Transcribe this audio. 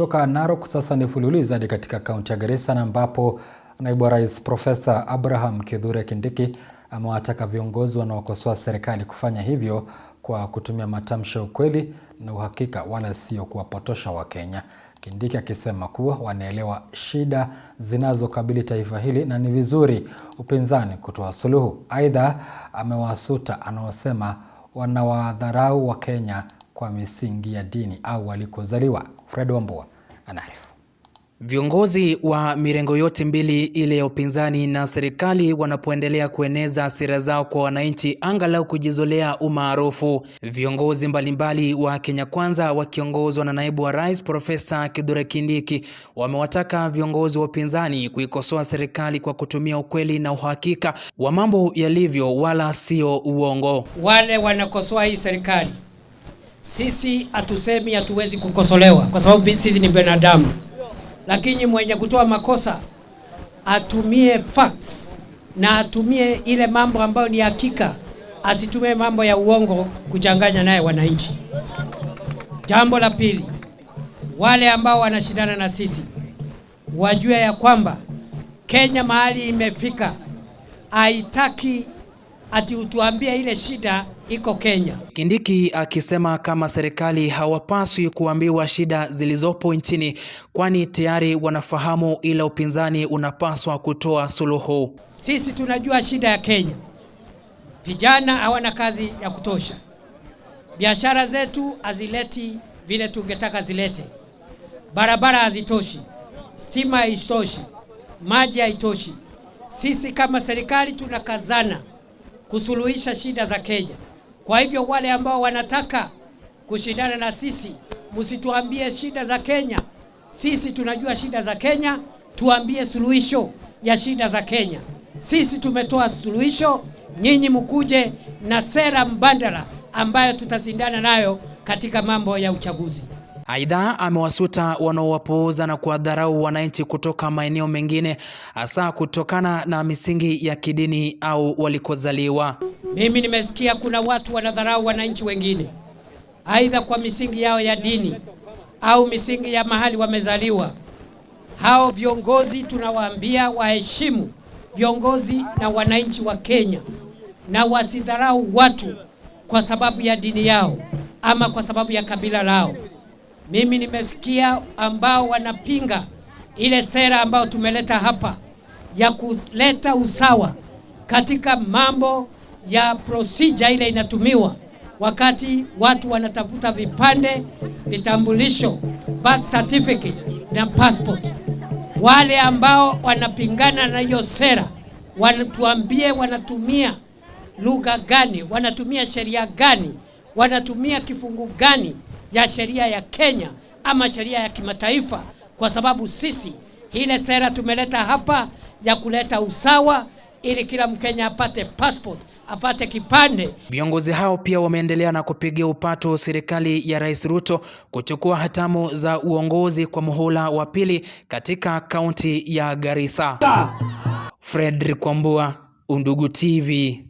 Kutoka Narok sasa ni fululizo hadi katika kaunti ya Garissa na ambapo naibu wa rais Profesa Abraham Kithure Kindiki amewataka viongozi wanaokosoa serikali kufanya hivyo kwa kutumia matamshi ya ukweli na uhakika wala sio kuwapotosha Wakenya. Kindiki akisema kuwa wanaelewa shida zinazokabili taifa hili na ni vizuri upinzani kutoa suluhu. Aidha, amewasuta anaosema wanawadharau Wakenya kwa misingi ya dini au walikozaliwa. Fred Wambua anaarifu. Viongozi wa mirengo yote mbili, ile ya upinzani na serikali, wanapoendelea kueneza sera zao kwa wananchi, angalau kujizolea umaarufu. Viongozi mbalimbali wa Kenya Kwanza wakiongozwa na naibu wa rais Profesa Kithure Kindiki wamewataka viongozi wa upinzani kuikosoa serikali kwa kutumia ukweli na uhakika wa mambo yalivyo, wala sio uongo. Wale wanakosoa hii serikali sisi hatusemi hatuwezi kukosolewa kwa sababu sisi ni binadamu, lakini mwenye kutoa makosa atumie facts na atumie ile mambo ambayo ni hakika, asitumie mambo ya uongo kuchanganya naye wananchi. Jambo la pili, wale ambao wanashindana na sisi wajue ya kwamba Kenya mahali imefika haitaki ati utuambie ile shida iko Kenya. Kindiki akisema kama serikali hawapaswi kuambiwa shida zilizopo nchini, kwani tayari wanafahamu, ila upinzani unapaswa kutoa suluhu. Sisi tunajua shida ya Kenya, vijana hawana kazi ya kutosha, biashara zetu hazileti vile tungetaka zilete, barabara hazitoshi, stima haitoshi, maji haitoshi. Sisi kama serikali tunakazana kusuluhisha shida za Kenya. Kwa hivyo wale ambao wanataka kushindana na sisi, msituambie shida za Kenya. Sisi tunajua shida za Kenya, tuambie suluhisho ya shida za Kenya. Sisi tumetoa suluhisho, nyinyi mkuje na sera mbadala ambayo tutashindana nayo katika mambo ya uchaguzi. Aidha, amewasuta wanaowapuuza na kuwadharau wananchi kutoka maeneo mengine hasa kutokana na misingi ya kidini au walikozaliwa. Mimi nimesikia kuna watu wanadharau wananchi wengine aidha kwa misingi yao ya dini au misingi ya mahali wamezaliwa. Hao viongozi tunawaambia waheshimu viongozi na wananchi wa Kenya na wasidharau watu kwa sababu ya dini yao ama kwa sababu ya kabila lao. Mimi nimesikia ambao wanapinga ile sera ambayo tumeleta hapa ya kuleta usawa katika mambo ya procedure ile inatumiwa wakati watu wanatafuta vipande, vitambulisho, birth certificate na passport. Wale ambao wanapingana na hiyo sera wanatuambie wanatumia lugha gani, wanatumia sheria gani, wanatumia kifungu gani ya sheria ya Kenya ama sheria ya kimataifa, kwa sababu sisi ile sera tumeleta hapa ya kuleta usawa ili kila Mkenya apate passport, apate kipande. Viongozi hao pia wameendelea na kupigia upato serikali ya Rais Ruto kuchukua hatamu za uongozi kwa muhula wa pili katika kaunti ya Garissa. Ah! Fredrick Kwambua, Undugu TV.